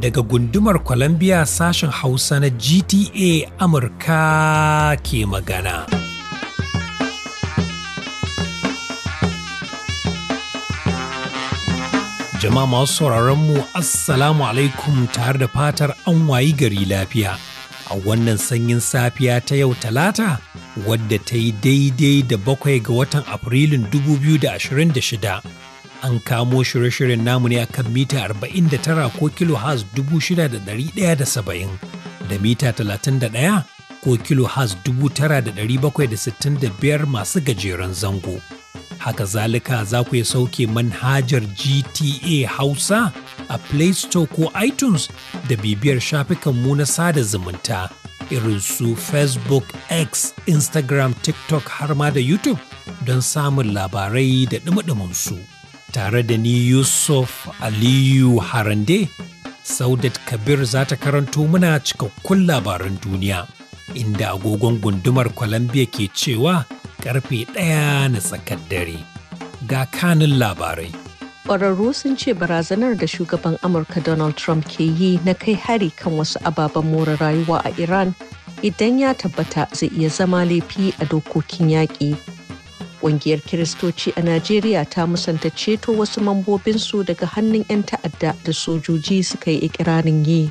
Daga gundumar Columbia sashen Hausa na GTA Amurka ke magana. Jama'a masu sauraron mu Assalamu alaikum tare da fatar an wayi gari lafiya. A wannan sanyin safiya ta yau talata wadda ta yi daidai da bakwai ga watan Afrilun 2026. An kamo shirye-shiryen namu ne akan mita 49 ko kilo has 6,170 da mita 31 ko kilo has 9,765 masu gajeren zango. Haka zalika za ku iya sauke manhajar GTA Hausa a Play Store ko iTunes da bibiyar shafikanmu na sada zumunta. irin su Facebook, X, Instagram, TikTok har ma da YouTube don samun labarai da su Tare da ni Yusuf Aliyu Harande, Saudat Kabir za ta karanto muna cikakkun labaran duniya, inda agogon gundumar Columbia ke cewa karfe ɗaya na tsakar dare. Ga kanin labarai. Kwararru sun ce barazanar da shugaban amurka donald trump ke yi na kai hari kan wasu ababen more rayuwa a iran idan ya tabbata zai iya zama laifi a dokokin yaƙi ƙungiyar kiristoci a najeriya ta musanta ceto wasu mambobinsu daga hannun 'yan ta'adda da sojoji suka yi ikirarin yi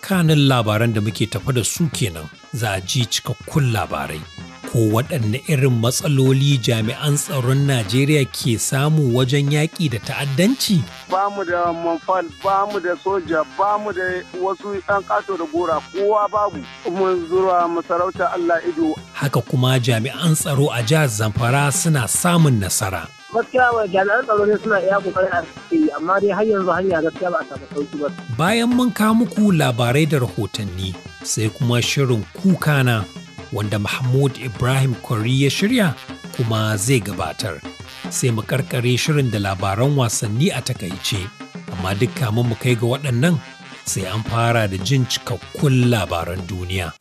kanin labaran da muke tafa da su kenan za a ji cikakkun labarai ko waɗanne irin matsaloli jami'an tsaron Najeriya ke samu wajen yaƙi da ta'addanci? Ba mu da manfal, ba mu da soja, ba mu da wasu ɗan ƙato da gora, kowa babu. Mun zura masarauta Allah ido. Haka kuma jami'an tsaro a jihar Zamfara suna samun nasara. gaskiya wa jami'an tsaro ne suna iya kokarin a amma dai har yanzu hanya gaskiya ba a samu sauki Bayan mun kawo muku labarai da rahotanni sai kuma shirin kuka na wanda Mahmud Ibrahim Kwari ya shirya kuma zai gabatar. Sai mu karkare shirin da labaran wasanni a takaice, amma duk kamun mu kai ga waɗannan sai an fara da jin cikakkun labaran duniya.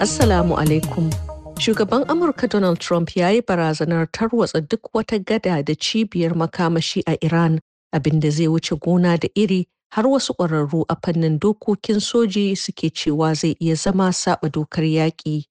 Assalamu alaikum. Shugaban Amurka Donald Trump ya yi barazanar tarwatsa duk wata gada da cibiyar makamashi a Iran abinda zai wuce gona da iri har wasu ƙwararru a fannin dokokin soji suke cewa zai iya zama saba dokar yaƙi.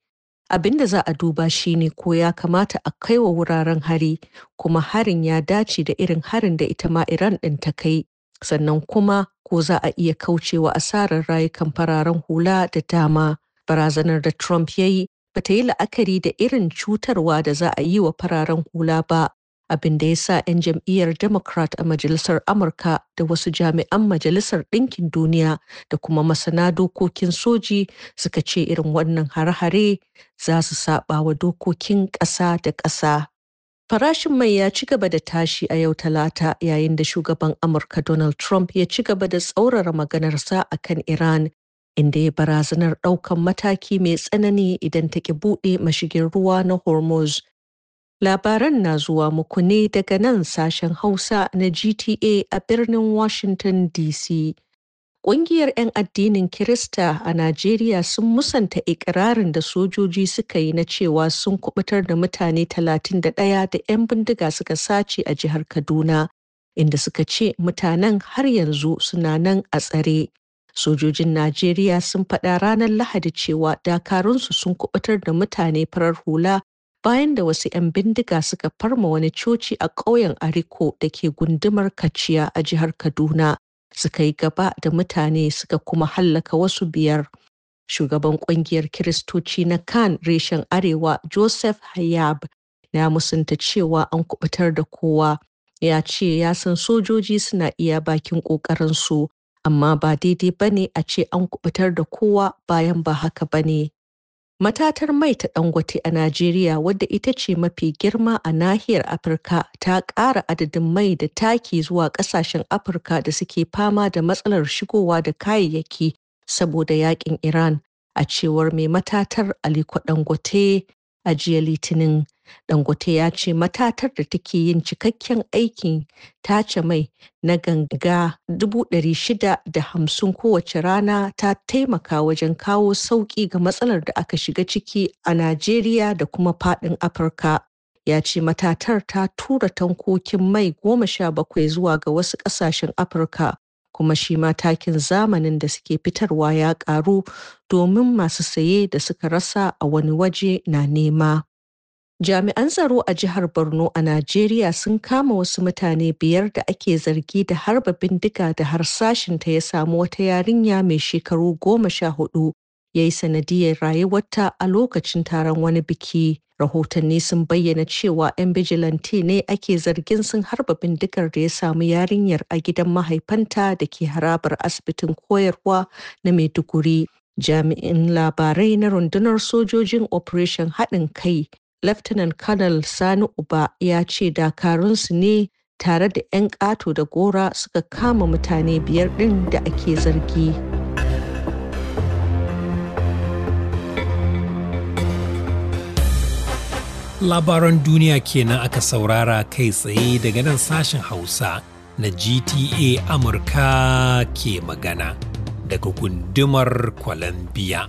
Abin da za a duba shine ko ya kamata a kai wa wuraren hari kuma harin ya dace da irin harin da ita ma Iran ɗin ta kai, sannan kuma ko za a iya kaucewa asarar rayukan fararen hula da dama. Barazanar da Trump ya yi ba ta yi la'akari da irin cutarwa da za a yi wa fararen hula ba abin da ya sa 'yan jam'iyyar democrat a majalisar amurka da wasu jami'an majalisar ɗinkin duniya da kuma masana dokokin soji suka ce irin wannan hare-hare za su saba wa dokokin ƙasa da ƙasa Farashin mai ya ci gaba da tashi a yau talata yayin da shugaban Amurka Donald Trump ya ci gaba da tsaurara maganarsa a kan Iran, inda ya barazanar ɗaukan mataki mai tsanani idan ta ki buɗe mashigin ruwa na Hormuz. Labaran na zuwa muku ne daga nan sashen Hausa na GTA a birnin Washington DC. Ƙungiyar 'yan addinin Kirista a Najeriya sun musanta ikirarin da sojoji suka yi na cewa sun kubutar da mutane 31 da 'yan bindiga suka sace a jihar Kaduna, inda suka ce mutanen har yanzu suna nan a tsare. Sojojin Najeriya sun faɗa ranar Lahadi cewa dakarunsu sun kubutar da mutane farar hula bayan da wasu 'yan bindiga suka farma wani coci a ƙauyen Ariko da ke gundumar Kaciya a jihar Kaduna suka yi gaba da mutane suka kuma hallaka wasu biyar. Shugaban ƙungiyar Kiristoci na Kan reshen Arewa Joseph Hayab ya musunta cewa an kubutar da kowa ya ce ya san sojoji suna iya bakin ƙoƙarinsu amma ba daidai ba ne a ce an kubutar da kowa bayan ba haka ba ne. Matatar mai ta Dangote a Najeriya wadda ita ce mafi girma a nahiyar Afirka ta ƙara adadin mai da taki zuwa ƙasashen Afirka da suke fama da matsalar shigowa da kayayyaki saboda yaƙin Iran, a cewar mai matatar Aliko Dangote a jiya Litinin. Dangote ya ce matatar da take yin cikakken aikin tace mai na ganga hamsin kowace rana ta taimaka wajen kawo sauƙi ga matsalar da aka shiga ciki a Najeriya da kuma faɗin Afirka. Ya ce matatar ta tura tankokin mai goma sha bakwai zuwa ga wasu ƙasashen Afirka kuma shi ma takin zamanin da suke fitarwa ya ƙaru domin masu saye da suka rasa a wani waje na nema. Jami'an tsaro a jihar Borno a Najeriya sun kama wasu mutane biyar da ake zargi da harba bindiga da harsashinta ya samu wata yarinya mai shekaru goma sha hudu ya yi sanadiyar rayuwarta a lokacin taron wani biki. Rahotanni sun bayyana cewa 'yan bijilanti ne ake zargin sun harba bindigar da ya samu yarinyar a gidan mahaifanta da ke harabar asibitin koyarwa na Maiduguri. Jami'in labarai na rundunar sojojin Operation haɗin kai Laftanan Kanal Sani Uba ya ce dakarunsu ne tare da 'yan ƙato da gora suka kama mutane biyar ɗin da ake zargi. Labaran duniya kenan aka saurara kai tsaye daga nan sashen Hausa na GTA Amurka ke magana daga gundumar Colombia.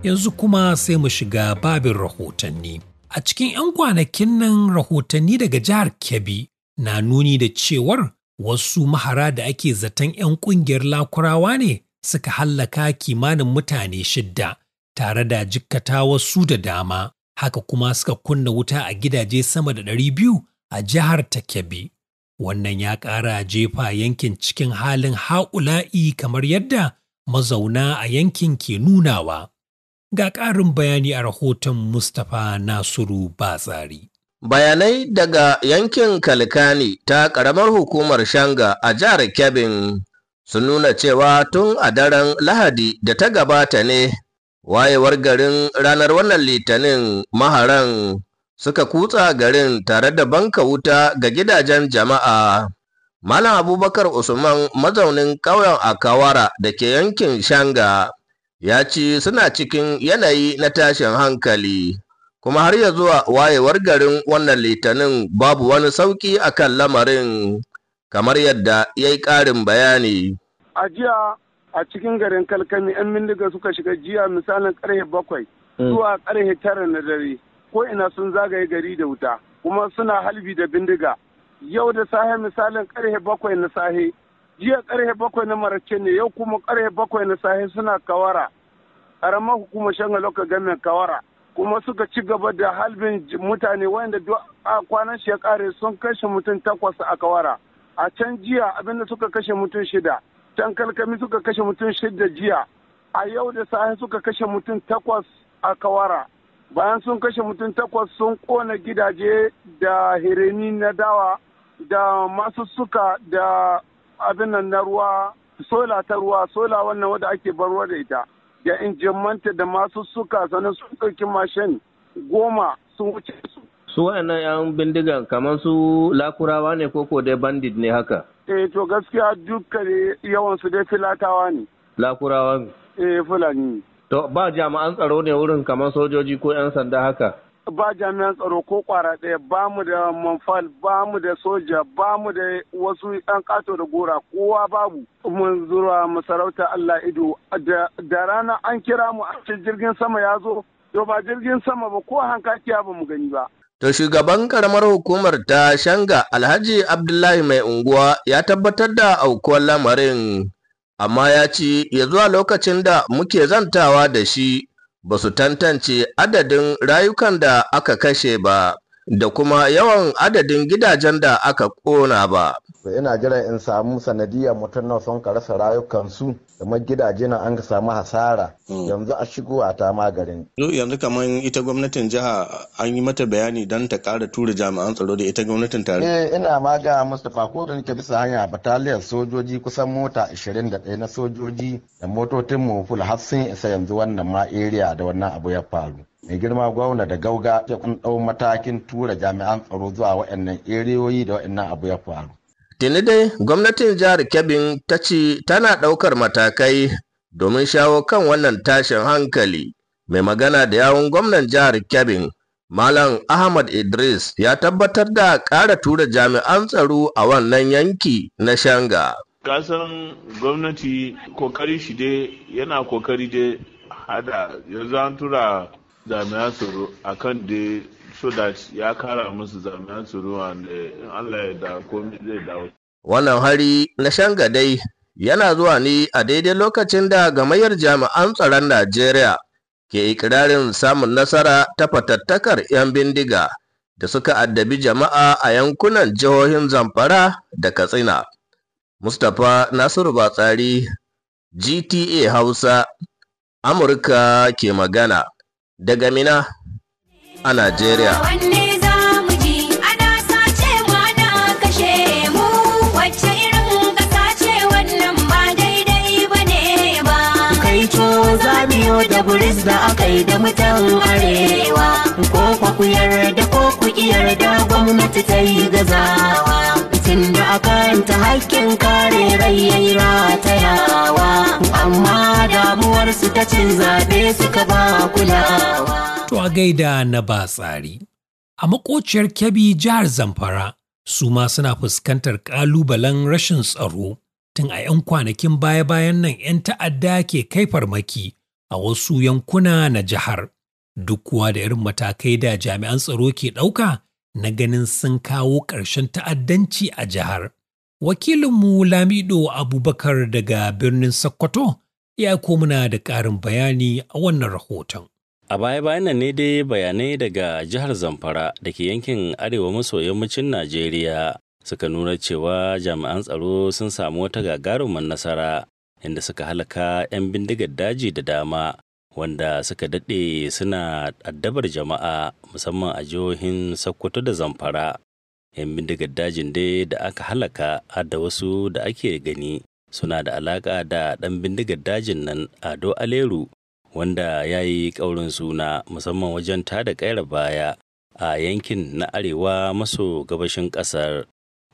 Yanzu kuma sai mu shiga babin rahotanni. A cikin 'yan kwanakin nan rahotanni daga jihar Kebbi na nuni da cewar wasu mahara da ake zaton 'yan ƙungiyar lakurawa ne suka hallaka kimanin mutane shidda tare da jikkata wasu da dama. Haka kuma suka kunna wuta a gidaje sama da ɗari biyu a jihar ta Kebbi. Wannan ya ƙara jefa yankin cikin halin ha'ula'i kamar yadda mazauna a yankin ke nunawa. Ga ƙarin bayani a rahoton Mustapha Nasiru Batsari. Bayanai daga yankin Kalkani ta ƙaramar hukumar Shanga a jihar Kebbin sun nuna cewa tun a daren Lahadi da ta gabata ne wayewar garin ranar wannan litinin maharan suka kutsa garin tare da banka wuta ga gidajen jama'a. Malam Abubakar Usman mazaunin ƙauyen Akawara da ke yankin Shanga ya ce suna cikin yanayi na tashin hankali kuma har ya zuwa wayewar garin wannan litinin babu wani sauki kan lamarin kamar yadda ya yi ƙarin bayani. A jiya a cikin garin kalkami 'yan bindiga suka shiga jiya misalin karhe bakwai hmm. zuwa karhe tara na dare ko ina sun zagaye gari da wuta kuma suna halbi da bindiga yau da sahe misalin karhe bakwai na sahe jiya karfe bakwai na marace ne yau kuma karfe bakwai na safe suna kawara karamar hukumar shanga loka gamen kawara kuma suka ci gaba da halbin mutane wanda duk a kwanan shekare sun kashe mutum takwas a kawara a can jiya abinda suka kashe mutum shida can kalkami suka kashe mutum shida jiya a yau da safe suka kashe mutum takwas a kawara bayan sun kashe mutum takwas sun kona gidaje da hireni na dawa da masu suka da abin nan na ruwa sola ta ruwa sola wannan wadda ake barwa da ita da injimanta da masu suka sannan sun ɗauki mashin goma sun wuce su. Su waɗannan 'yan bindigan kamar su lakurawa ne ko ko dai bandit ne haka? Eh to gaskiya dukkan yawan su dai filatawa ne. Lakurawa ne? Eh fulani. To ba jami'an tsaro ne wurin kamar sojoji ko 'yan sanda haka? ba jami'an tsaro ko kwara ɗaya ba mu da manfal ba mu da soja ba mu da wasu 'yan ƙato da gora kowa babu mun zura masarauta Allah ido da rana an kira mu a cikin jirgin sama ya zo to ba jirgin sama ba ko hankakiya ba mu gani ba To shugaban karamar hukumar ta Shanga Alhaji Abdullahi mai unguwa ya tabbatar da aukuwar lamarin amma ya ce ya zuwa lokacin da muke zantawa da shi ba su tantance adadin rayukan da aka kashe ba. da kuma yawan adadin gidajen da aka ƙona ba. ina jiran in samu sanadiyar mutum na sun rasa rayukansu kamar gidaje na an samu hasara hmm. yanzu a shigo a ta magarin. yanzu kamar ita gwamnatin jiha an yi mata bayani don ta ƙara tura jami'an tsaro da ita gwamnatin tare. eh ina ma ga mustapha ko da nake bisa hanya bataliyar sojoji kusan mota 21 na sojoji da motocin mu har sun isa yanzu wannan ma area da wannan abu ya faru. mai girma gwamna da gauga ya kun dau matakin tura jami'an tsaro zuwa waɗannan eriyoyi da waɗannan abu ya faru. Tuni dai gwamnatin jihar Kebbi ta ce tana ɗaukar matakai domin shawo kan wannan tashin hankali. Mai magana da yawun gwamnan jihar Kebbi Malam Ahmad Idris ya tabbatar da ƙara tura jami'an tsaro a wannan yanki na Shanga. Kasan gwamnati kokari shi dai yana kokari dai hada yanzu an tura jami'an tsoro a kan da so that ya kara musu eh, Allah da komi zai dawo. Wannan hari na Shan Gadai yana zuwa ne a daidai lokacin da gamayyar jami'an tsaron Najeriya ke ikirarin samun nasara ta fatattakar 'yan bindiga da suka addabi jama'a a yankunan jihohin Zamfara da Katsina. Mustapha Nasiru Batsari, GTA Hausa, Amurka ke magana. daga Mina a Najeriya. Wanne zamu mu ji ana sace mu ana kashe mu wacce irin kasa ce wannan ba daidai ba ne ba. Kai za mu da buris da aka da mutan arewa ko kwa ku ko ku yarda gwamnati ta yi gazawa. inda akan ta hakkin kare rayayi ratayawa amma damuwarsu ta cin zaɓe suka ba kulawa. To a gaida na ba tsari. A makociyar kyabi jihar Zamfara su ma suna fuskantar ƙalubalen rashin tsaro tun a 'yan kwanakin baya-bayan nan 'yan ta'adda ke kai farmaki a wasu yankuna na jihar. Duk kuwa da irin matakai da jami'an tsaro ke ɗauka na ganin sun kawo ƙarshen ta'addanci a jihar. Wakilinmu Lamido Abubakar daga birnin Sokoto ya komuna da ƙarin bayani a wannan rahoton. A baya-bayan ne dai bayanai daga jihar Zamfara da ke yankin arewa maso yammacin Najeriya suka nuna cewa jami'an tsaro sun samu wata gagarumar nasara inda suka halaka 'yan bindigar daji da dama wanda suka daɗe suna addabar jama'a musamman a jihohin Sokoto da Zamfara. 'Yan bindigar dajin dai da aka halaka har da wasu da ake gani suna da alaƙa da ɗan bindigar dajin nan Ado Aleru wanda ya yi ƙaurin suna musamman wajen ta da ƙaira baya a yankin na arewa maso gabashin ƙasar.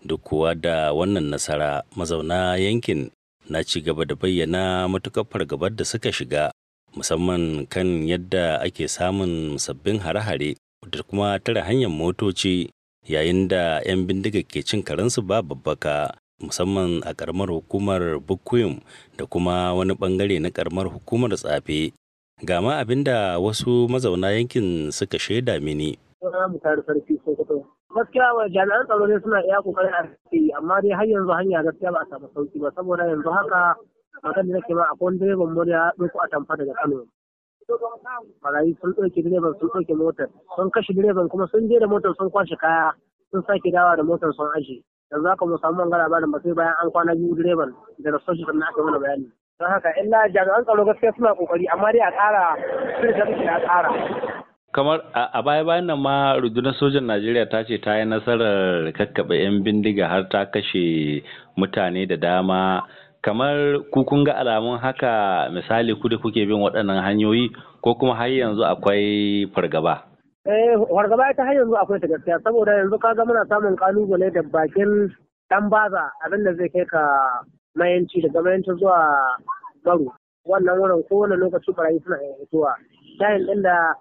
Duk kuwa da wannan nasara mazauna yankin na ci gaba da bayyana matukar fargabar da suka shiga musamman kan yadda ake samun sabbin hare-hare da kuma tare hanyar motoci yayin da 'yan bindiga ke cin karensu ba babbaka musamman a karamar hukumar bukuyum da kuma wani bangare na karamar hukumar tsafe gama abin da wasu mazauna yankin suka shaida mini. gaskiya wa jami'an tsaro ne suna iya kokarin a amma dai har yanzu hanya gaskiya ba a samu sauki ba saboda yanzu haka a da nake ma akwai wanda direban mura ya ɗauko a tamfa daga kano barayi sun ɗauke direban sun ɗauke motar sun kashe direban kuma sun je da motar sun kwashe kaya sun sake dawa da motar sun aje yanzu haka mu samu mangana ba ba sai bayan an kwana biyu direban da rasoshi sannan aka mana bayani don haka illa jami'an tsaro gaskiya suna kokari amma dai a ƙara sun da a ƙara kamar a baya bayan nan ma rundunar sojan najeriya ta ce ta yi nasarar kakkaɓe 'yan bindiga har ta kashe mutane da dama kamar ku kun ga alamun haka misali ku da kuke bin waɗannan hanyoyi ko kuma har yanzu akwai fargaba eh fargaba ita har yanzu akwai ta gaskiya saboda yanzu ka ga muna samun kalubale da bakin ɗan baza abin da zai kai ka mayanci daga mayanci zuwa baro wannan wurin kowane lokaci barayi suna iya fitowa tayin da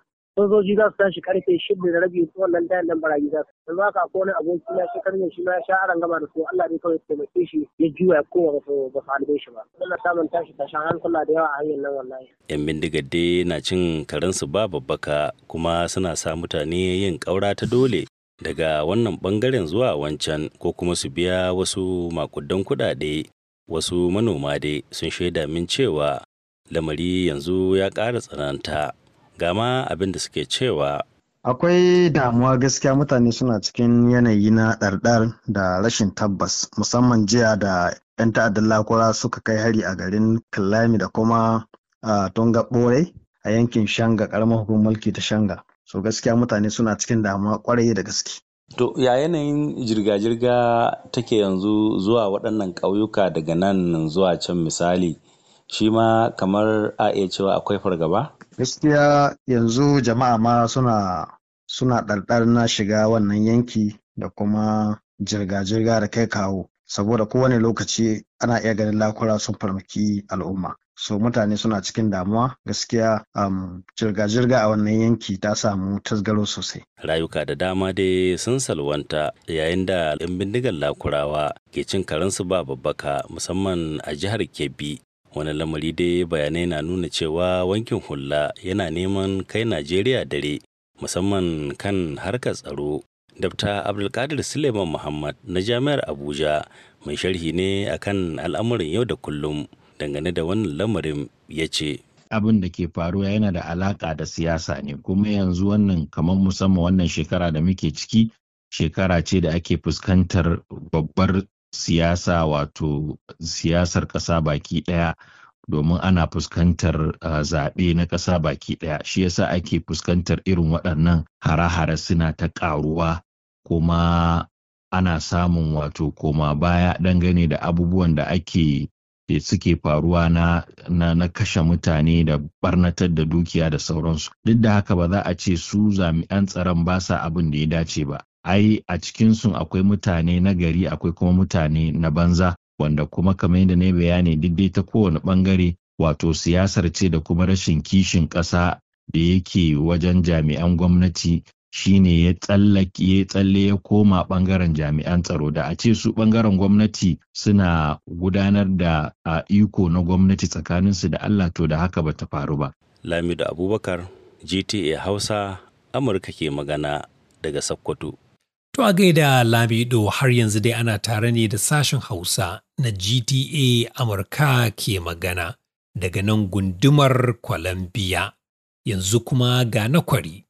sojoji za su tashi karfe shida da rabi su wannan dayan nan barayi za su ba haka akwai wani abokin ya shi karfe shi ma ya sha aran gama da su Allah ne kawai ya taimake shi ya juya ya koma ba su ba su shi ba suna samun tashi shan hankula da yawa a hanyar nan wallahi yan bindigar dai na cin karen su ba babbaka kuma suna sa mutane yin ƙaura ta dole daga wannan bangaren zuwa wancan ko kuma su biya wasu makudan kuɗaɗe wasu manoma dai sun shaida min cewa lamari yanzu ya ƙara tsananta gama abin da suke cewa Akwai damuwa gaskiya mutane suna cikin yanayi na ɗarɗar da rashin tabbas musamman jiya da 'yan ta'addar lakura suka kai hari a garin Kallami da kuma a Tonga Bore a yankin Shanga ƙaramar hukumar mulki ta Shanga. So gaskiya mutane suna cikin damuwa kwarai da gaske. To ya yanayin jirga-jirga take yanzu zuwa waɗannan ƙauyuka daga nan zuwa can misali shi ma kamar a iya cewa akwai fargaba? Gaskiya yanzu jama'a ma suna suna ɗarɗar na shiga wannan yanki da kuma jirga-jirga da kai kawo saboda kowane lokaci ana iya ganin lakura sun farmaki al'umma so mutane suna cikin damuwa gaskiya um, jirga-jirga a wannan yanki ta samu tasgaro sosai rayuka da dama dai sun salwanta yayin da 'yan bindigar lakurawa ke cin karansu ba babbaka musamman a jihar kebbi wani lamari dai bayanai na nuna cewa wankin hula yana neman kai najeriya dare musamman kan harkar tsaro Dabta abdulkadir suleiman muhammad na jami'ar abuja mai sharhi ne akan al'amuran yau da kullum dangane da wannan lamarin ya ce abin da ke faruwa yana da alaka da siyasa ne kuma yanzu wannan kamar musamman wannan shekara da muke ciki shekara ce da ake fuskantar babbar siyasa wato siyasar ƙasa baki ɗaya domin ana fuskantar uh, zaɓe na ƙasa baki ɗaya shi yasa ake fuskantar irin waɗannan hare-hare suna ta ƙaruwa kuma ana samun wato koma baya dangane da abubuwan da ake da suke faruwa na, na, na kashe mutane da barnatar da dukiya da sauransu duk da haka ba za a ce su zami'an tsaron ba sa abin da ya dace ba ai a cikinsu akwai mutane na gari akwai kuma mutane na banza wanda kuma kamar yadda na yi bayani dai ta kowane bangare wato siyasar ce da kuma rashin kishin ƙasa da yake wajen jami'an gwamnati shine ya tsallake ya tsalle ya koma bangaren jami'an tsaro da a ce su bangaren gwamnati suna gudanar da a iko na gwamnati tsakaninsu da Allah to da haka bata faru ba. Lamido Abubakar GTA Hausa Amurka ke magana daga Sokoto. To a gaida Lamido har yanzu dai ana tare ne da sashen Hausa na GTA Amurka ke magana daga nan gundumar Columbia. Yanzu kuma ga na kwari.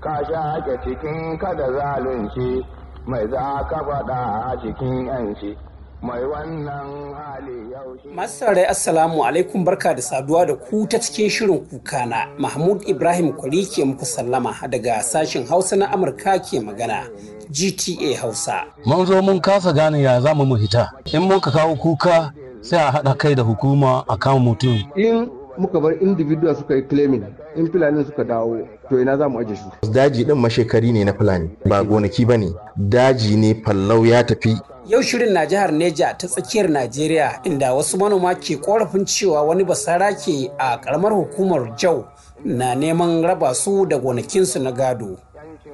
Ka sha ake cikin kada zalunci mai za ka faɗa a cikin yanci. Mai wannan hali yau shi. Masu Assalamu alaikum barka da saduwa da ku ta cikin shirin kukana. Mahmud Ibrahim Kwari ke muku sallama daga sashen Hausa na Amurka ke magana. GTA Hausa. Mun zo mun kasa gane ya za mu hita. In muka kawo kuka sai a haɗa kai da hukuma a kan mutum. In muka bar individual suka yi claiming in fulani suka dawo to ina za mu aje su. Daji ɗin mashekari ne na fulani ba gonaki ba ne daji ne fallau ya tafi yau shirin na jihar neja ta tsakiyar najeriya inda wasu manoma ke korafin cewa wani basara ke a karamar hukumar jau na neman raba su da gonakinsu na gado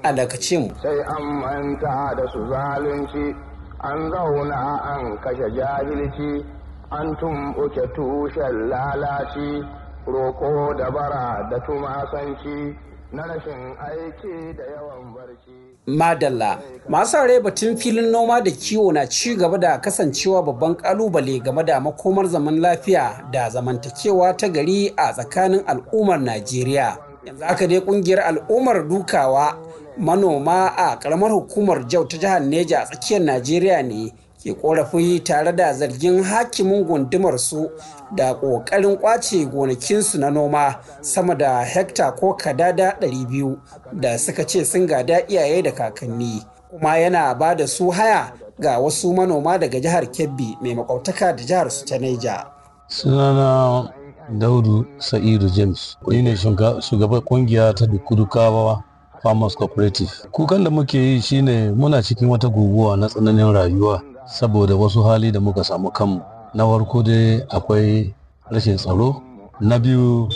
A mu sai an manta da su zalunci an zauna an kashe jahilci an tumɓuke tushen lalaci roko da bara da tumasanci na rashin aiki da yawan barci madalla masu are batun filin noma da kiwo na ci gaba da kasancewa babban kalubale game da makomar zaman lafiya da zamantakewa ta gari a tsakanin al'ummar najeriya yanzu aka dai kungiyar al'ummar dukawa manoma a karamar hukumar jau ta jihar neja a tsakiyar najeriya ne ke korafi tare da zargin hakimin gundumar su da ƙoƙarin ƙwace gonakinsu na noma sama da hekta ko kadada 200 da suka ce sun gada iyaye da kakanni kuma yana ba da su haya ga wasu manoma daga jihar kebbi mai makwautaka da jihar su ta neja sunana daudu sa'idu james ni ne shugaban kungiya ta Kawawa. farmers cooperative kukan da muke yi shine muna cikin wata guguwa na tsananin rayuwa saboda wasu hali da muka samu kanmu na farko dai akwai rashin tsaro na biyu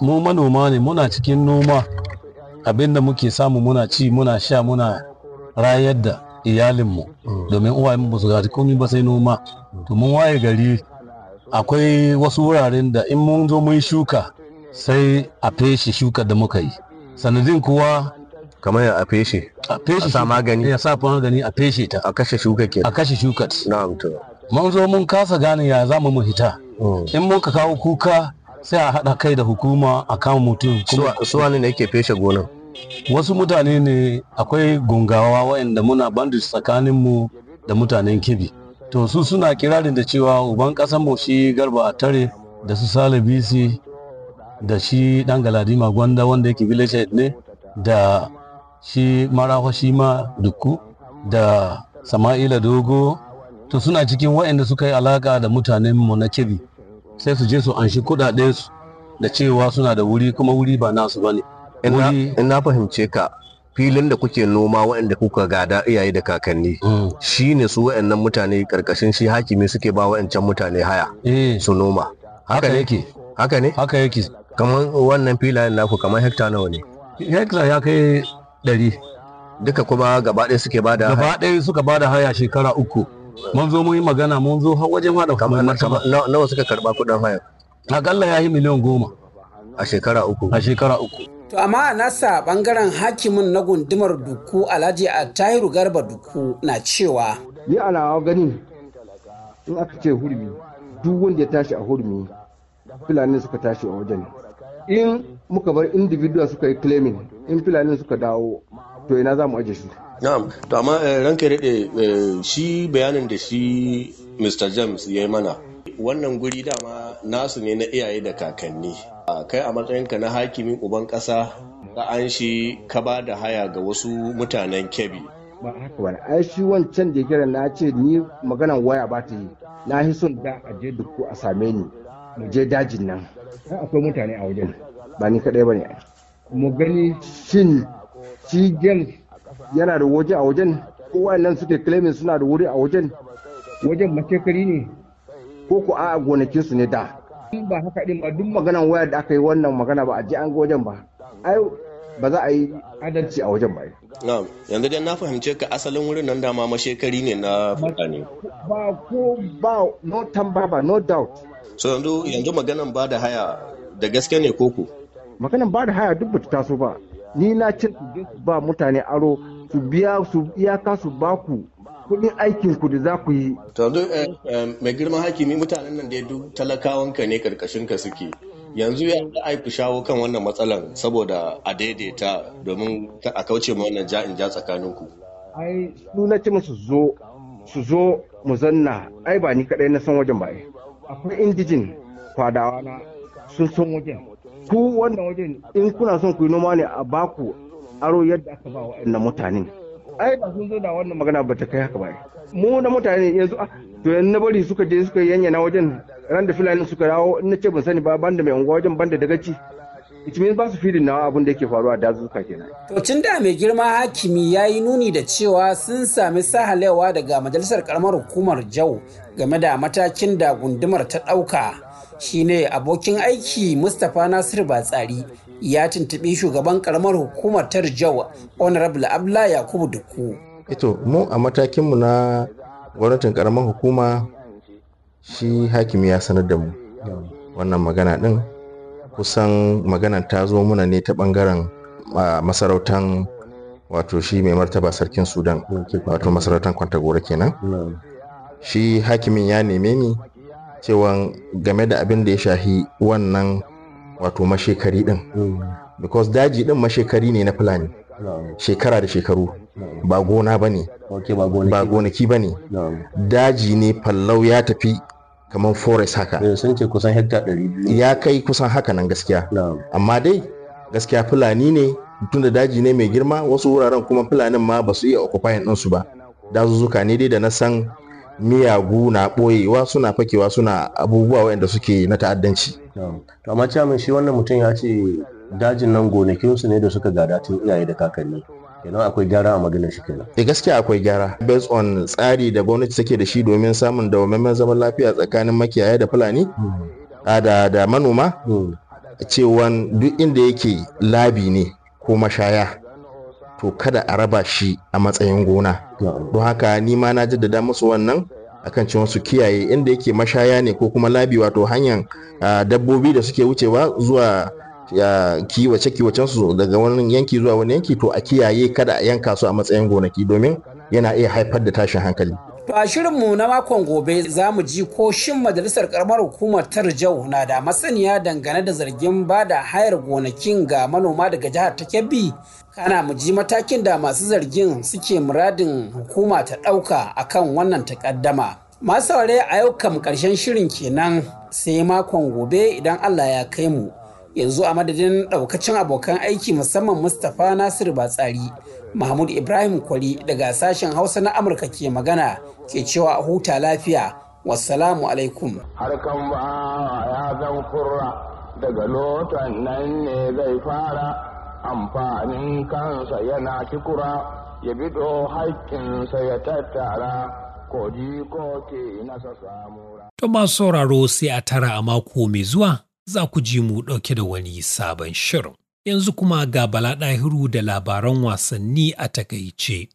mu manoma ne muna cikin noma abinda muke samu muna ci muna sha muna rayar da iyalinmu domin uwayenmu ba su gaji komi ba sai noma to waye gari akwai wasu wuraren da in mun zo mun shuka sai a feshe shuka da muka yi sanadin kuwa kamar a feshe a feshe sa magani ya sa magani a feshe ta a kashe shuka ke a kashe shuka na'am to mun zo mun kasa gane ya zamu mu hita mm. in muka kawo kuka sai a haɗa kai da hukuma a kama mutum suwa ne yake feshe gonan wasu mutane ne akwai gungawa waɗanda muna tsakanin mu da mutanen kibi to su suna kirarin da cewa uban kasan mu shi garba a tare da su sale bisi da shi dan galadima gwanda wanda yake village head ne da shi marawa shi ma dukku da sama'ila dogo to suna cikin waɗanda suka yi alaka da mutanen mu na kebi sai su je su anshi kuɗaɗe su da cewa suna da wuri kuma wuri ba nasu ba ne in na fahimce ka filin da kuke noma waɗanda kuka gada iyaye da kakanni mm. shi ne su waɗannan mutane karkashin shi hakimi suke ba waɗancan mutane haya eh. su noma haka yake haka ne haka yake kamar wannan filayen naku kamar hekta nawa ne hekta ya kai ɗari duka kuma gaba ɗaya suke bada gaba ɗaya suka bada haya shekara uku mun zo mun yi magana mun zo har wajen hada kamar nawa suka karɓa kuɗin haya akalla ya yi miliyan goma a shekara uku a shekara uku to amma a nasa bangaren hakimin na gundumar duku alhaji a tahiru garba duku na cewa ni alawa ganin in aka ce hurmi duk wanda ya tashi a hurmi fulani suka tashi a wajen in muka bar individual suka yi claiming in filanin suka dawo to ina za mu aje shi na'am to amma eh, ranka daɗe eh, shi bayanin da shi mr james ya yi mana wannan guri dama nasu ne na iyaye da kakanni kai a matsayinka na hakimin uban ƙasa ka an shi ka ba da haya ga wasu mutanen kebi ba haka wani ai shi wancan da kira na ce ni maganan waya ba ta yi na hison da a je duk a same ni mu je dajin nan sai akwai mutane a wajen ba ni kadai ba ne mu gani shin shi gen yana da waje a wajen ko nan suke claiming suna da wuri a wajen wajen mashekari ne ko ku a gonakin su ne da ba haka din ba duk maganan waya da aka yi wannan magana ba a je an ga wajen ba ai ba za a yi adalci a wajen ba yanzu dai na fahimce ka asalin wurin nan dama mashekari ne na mutane ba ko ba no tamba ba no doubt so yanzu maganan ba da haya da gaske ne koko maganan ba da haya duk bata taso ba ni na ce ba mutane aro su biya su iyaka su baku kudin aikin ku da za ku yi to yanzu eh, eh, mai girman hakimi mutanen nan da ya duk talakawanka ne karkashin ka suke yanzu ya da aiku shawo kan wannan matsalan saboda a daidaita domin a kauce ma wannan ja'in ja tsakanin ku ai na ce musu zo su zo mu zanna ai ba ni kadai na san wajen ba ai akwai indijin kwadawa na sun san wajen ku wannan wajen in kuna son ku yi noma ne a baku aro yadda aka ba wa'annan mutanen ai ba sun zo da wannan magana ba ta kai haka ba mu na mutane yanzu ah, to na bari suka je suka yanyana wajen ran da fulani suka dawo in na ce ban sani ba banda mai unguwa wajen banda dagaci it means ba su fili na abin da yake faruwa dazuka kenan. To tun da mai girma hakimi ya yi nuni da cewa sun sami sahalewa daga majalisar karamar hukumar jau game da matakin da gundumar ta ɗauka shine abokin aiki Mustapha Nasir Batsari ya tuntuɓi shugaban karamar hukumar tar jau Honorable Abla Yakubu duku Ito mu a matakinmu na gwamnatin karamar hukuma shi hakimi ya sanar da mu wannan magana ɗin kusan maganan ta zo muna ne ta bangaren masarautan wato shi mai martaba sarkin sudan wato masarautan kwantagora kenan shi hakimin ya neme ni cewa game da abin da ya shahi wannan wato mashekari din because daji din mashekari ne na fulani shekara da shekaru ba gona ba ne ba gonaki ba ne daji ne fallau ya tafi kamar forest haka eh, ya kai kusan haka nan gaskiya amma dai gaskiya fulani ne tunda daji ne mai girma wasu wuraren kuma fulanin ma ba su iya occupying ɗinsu ba dazuzzuka ne dai da na san miyagu na ɓoyewa suna fakewa suna abubuwa waɗanda suke na ta'addanci amma shi wannan mutum ya ce dajin nan gonakinsu ne da suka gada tun iyaye da kakanni kenan akwai gyara a maganar shi kenan eh gaskiya akwai gyara based on tsari da gwamnati take da shi domin samun dawamaiman zaman lafiya tsakanin makiyaya da fulani hmm. da da manoma hmm. cewan duk inda yake labi ne ko mashaya to kada a raba shi a matsayin gona hmm. don haka ni ma na jaddada musu wannan akan cewa su kiyaye inda yake mashaya ne ko kuma labi wato hanyar dabbobi da suke wucewa zuwa kiwace kiwacen su daga wani yanki zuwa wani yanki to a kiyaye kada a yanka su a matsayin gonaki domin yana iya haifar da tashin hankali To a mu na makon gobe za mu ji ko shin majalisar karamar hukumar Tarjau na da masaniya dangane da zargin ba da hayar gonakin ga manoma daga jihar ta Kebbi. Kana mu ji matakin da masu zargin suke muradin hukuma ta ɗauka akan wannan takaddama. Masu a yau kam ƙarshen shirin kenan sai makon gobe idan Allah ya kai mu. yanzu a madadin daukacin abokan aiki musamman mustapha nasir batsari mahmud ibrahim kwari daga sashen hausa na amurka ke magana ke cewa a huta lafiya wassalamu alaikum harkan ba ya zan kurra daga lotan nan ne zai fara amfanin kansa yana kikura ya bido haƙƙinsa ya tattara ko ke nasa samura. To masu sauraro sai a tara a mako mai zuwa za ku ji mu ɗauke da wani sabon shirin. Yanzu kuma ga Bala Ɗahiru da labaran wasanni a takaice.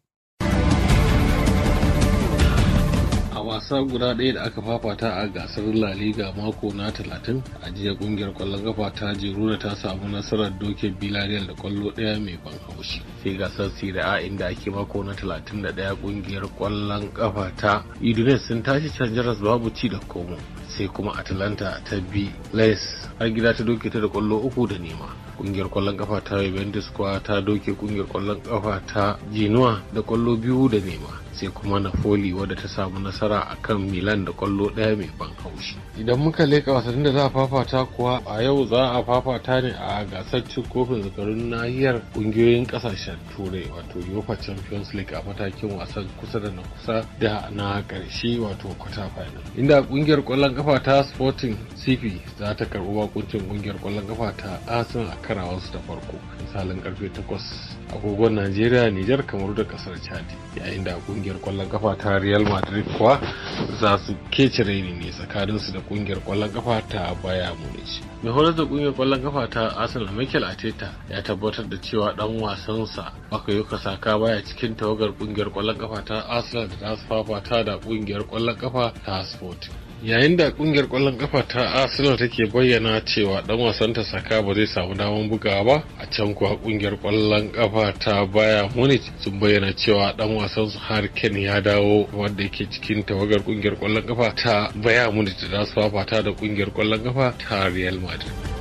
wasa guda ɗaya da aka fafata a gasar La Liga mako na talatin a jiya kungiyar kwallon kafa ta da ta samu nasarar doke Villarreal da kwallo ɗaya mai ban haushi. Sai gasar Serie A inda ake mako na talatin da 31 kungiyar kwallon kafa ta Udinese sun tashi can babu ci da komo. Sai kuma Atalanta ta bi Les har gida ta doke ta da kwallo uku da nema. Kungiyar kwallon kafa ta Juventus kuwa ta doke kungiyar kwallon kafa ta Genoa da kwallo biyu da nema. sai kuma napoli wadda ta samu nasara a kan milan da kwallo ɗaya mai ban haushi idan muka leka wasannin da za a fafata kuwa a yau za a fafata ne a gasar cin kofin zakarun nahiyar ƙungiyoyin ƙasashen turai wato yofa champions league a matakin wasan kusa da na kusa da na ƙarshe wato kwata final inda ƙungiyar kwallon kafa ta sporting cp za ta karbi bakuncin ƙungiyar kwallon kafa ta asin a karawarsu ta farko misalin karfe 8 agogon najeriya nijar kamaru da kasar chad yayin da ƙungiyar kungiyar kwallon kafa ta real madrid kuwa za su kece raini ne su da kungiyar kwallon kafa ta baya munich mai horar da kungiyar kwallon kafa ta arsenal michael ateta ya tabbatar da cewa dan wasansa yi saka baya cikin tawagar kungiyar kwallon kafa ta arsenal da ta fafata da kungiyar kwallon kafa ta sporting yayin da kungiyar kwallon kafa ta arsenal take bayyana cewa dan wasanta saka ba zai samu damar bugawa ba a can kuwa kungiyar kwallon kafa ta baya munich sun bayyana cewa dan wasan su har ya dawo wanda yake cikin tawagar kungiyar kwallon kafa ta baya munich da su fafata da kungiyar kwallon kafa ta real madrid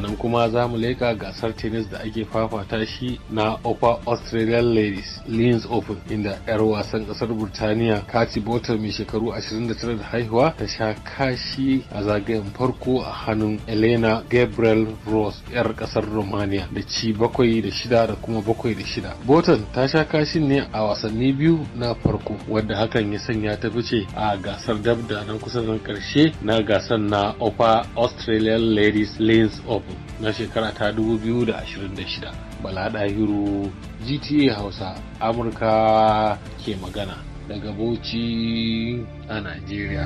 sannan kuma za mu leka gasar tennis da ake fafata shi na upper australian ladies lins open inda 'yar wasan ƙasar burtaniya kati botar mai shekaru 29 da haihuwa ta sha kashi a zagayen farko a hannun elena gabriel ross 'yar ƙasar romania da ci bakwai da shida da kuma bakwai da shida botan ta sha kashi ne a wasanni biyu na farko wadda hakan ya sanya ta fice a gasar dab dabda na kusan ƙarshe na gasar na upper australian ladies Lions open na shekara ta 2026 bala ɗahiru gta hausa amurka ke magana daga bauchi a najeriya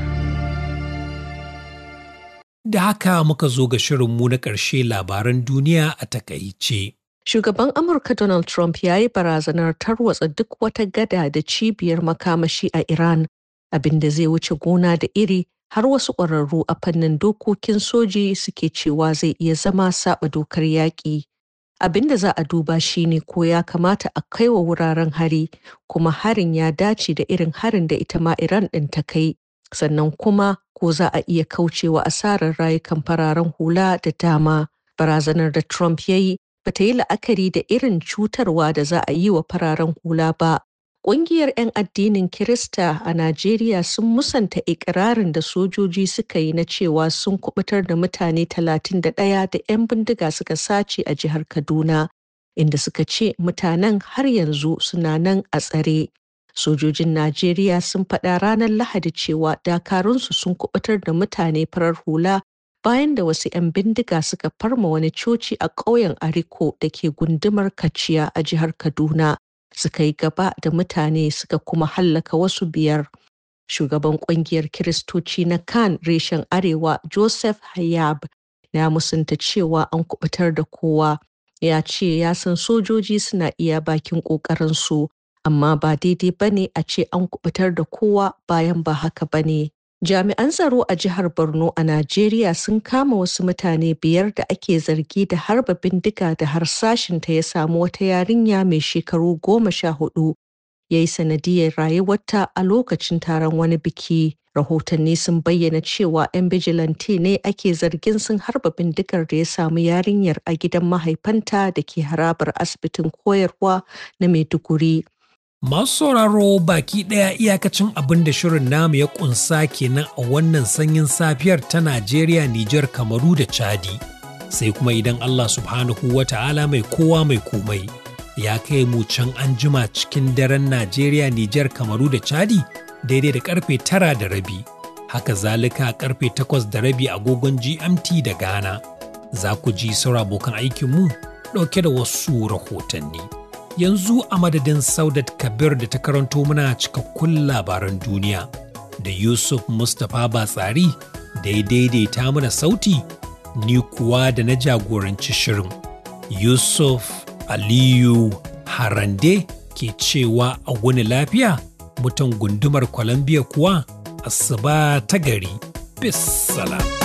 da haka muka zo ga shirin mu na ƙarshe labaran duniya a takaice. Shugaban Amurka Donald Trump ya yi barazanar tarwatsa duk wata gada da cibiyar makamashi a Iran, abin da zai wuce gona da iri har wasu ƙwararru a fannin dokokin soji suke cewa zai iya zama saɓa dokar yaƙi. Abin da za a duba shine ko ya kamata a kai wa wuraren hari kuma harin ya dace da irin harin da ita ma Iran ɗin ta kai, sannan kuma ko za a iya kaucewa asarar rayukan fararen hula da dama. Barazanar da Trump ya yi ba ta yi la'akari da irin cutarwa da za a yi wa fararen hula ba Ƙungiyar 'yan addinin Kirista a Najeriya sun musanta ikirarin da sojoji suka yi na cewa sun kubutar da mutane 31 da 'yan bindiga suka sace a jihar Kaduna, inda suka ce mutanen har yanzu suna nan a tsare. Sojojin Najeriya sun faɗa ranar Lahadi cewa dakarunsu sun kubutar da mutane farar hula bayan da wasu 'yan bindiga suka farma wani coci a ƙauyen Ariko da ke gundumar Kaciya a jihar Kaduna. suka yi gaba da mutane suka kuma hallaka wasu biyar. Shugaban ƙungiyar Kiristoci na Kan reshen Arewa Joseph Hayab ya musunta cewa an kubutar da kowa ya ce ya san sojoji suna iya bakin ƙoƙarinsu amma ba daidai ba ne a ce an kubutar da kowa bayan ba haka ba ne. Jami'an tsaro a jihar Borno a Najeriya sun kama wasu mutane biyar da ake zargi da harba bindiga da harsashinta ya samu wata yarinya mai shekaru goma sha hudu ya yi sanadiyar rayuwarta a lokacin taron wani biki. Rahotanni sun bayyana cewa 'yan bijilanti ne ake zargin sun harba bindigar da ya samu yarinyar a gidan mahaifanta da ke harabar asibitin koyarwa na Maiduguri. Masu sauraro baki ɗaya iyakacin abin da shirin namu ya ƙunsa kenan a wannan sanyin safiyar ta Najeriya, Nijar, Kamaru da Chadi. Sai kuma idan Allah subhanahu wa ta'ala mai kowa mai komai ya kai mu can an jima cikin daren Najeriya, Nijar, Kamaru da Chadi daidai da karfe tara da rabi. Haka zalika karfe takwas da rabi agogon GMT da Ghana. Za ku ji saura abokan aikinmu ɗauke da wasu rahotanni. yanzu a madadin Saudat Kabir da ta karanto mana cikakkun labaran duniya da Yusuf Mustapha Batsari da ya daidaita mana sauti ni kuwa da na jagoranci shirin. Yusuf Aliyu Harande ke cewa a wani lafiya mutan gundumar Columbia kuwa asuba ta gari. Bis salam.